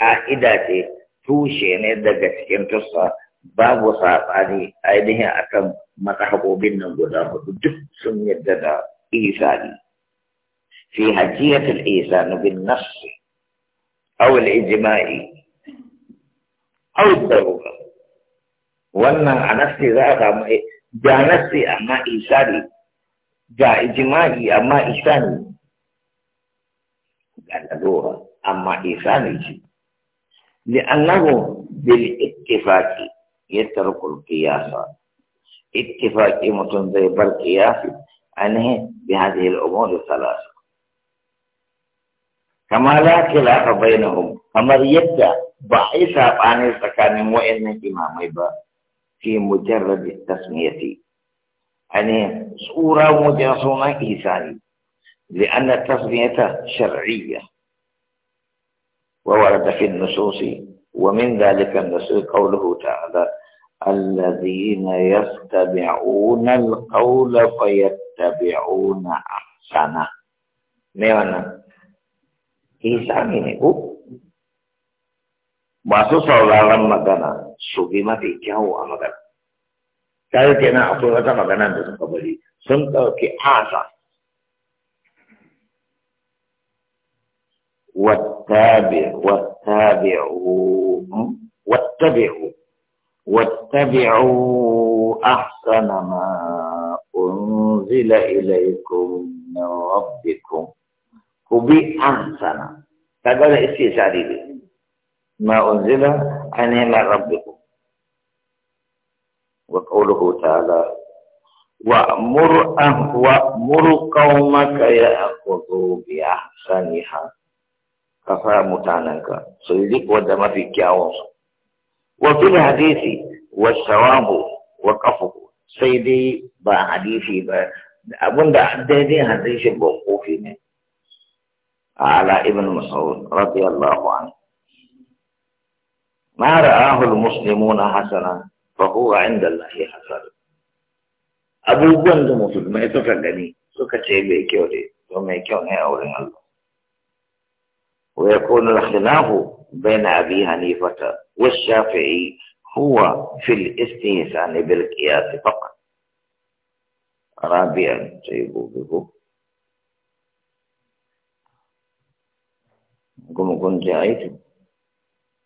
ka'ida ce tushe ne daga cikin tussa babu saɓani ainihin a kan matsahabobin nan guda hudu duk sun yadda da ne fi hajiyatul na bin nafsi awul ijima'i awul aw wannan a nafsi za a samu eh, ga nafsi amma isa ne ga ijima'i amma isa ne. ga daruga amma ne ce لأنه بالاتفاق يترك القياس اتفاق متنظر بالقياس عنه بهذه الأمور الثلاثة كما لا خلاف بينهم كما يبدأ بعيسى عن السكان وإن إمام في مجرد التسمية يعني صورة مجرد إيساني لأن التسمية شرعية وورد في النصوص ومن ذلك النصوص قوله تعالى الذين يستمعون القول فيتبعون أحسنه ميوانا إحسان ini bu masu sauraron magana su bi mafi kyawu a magana ta yi kenan akwai wata magana da suka bari sun ɗauki asa والتابع والتابعوا واتبعوا واتبعوا أحسن ما أنزل إليكم من ربكم كبي أحسن تقول استشاري لي ما أنزل عن إلى ربكم وقوله تعالى وأمر أه، وأمر قومك يأخذوا بأحسنها ka fara mutanenka su riƙo da mafi kyawun su wa fil hadisi wa sawabu wa qafuhu sai dai ba hadisi ba abinda daidai hadisi ba kofi ne ala ibn mas'ud radiyallahu anhu ما رآه المسلمون حسنا فهو عند الله حسن أبو بند مسلم ما يتفقني سكتي بيكيوري وما يكون هي أولين الله ويكون الخلاف بين أبي حنيفة والشافعي هو في الاستيسان بالقياس فقط رابعا جيبوا به قم كنت عيتم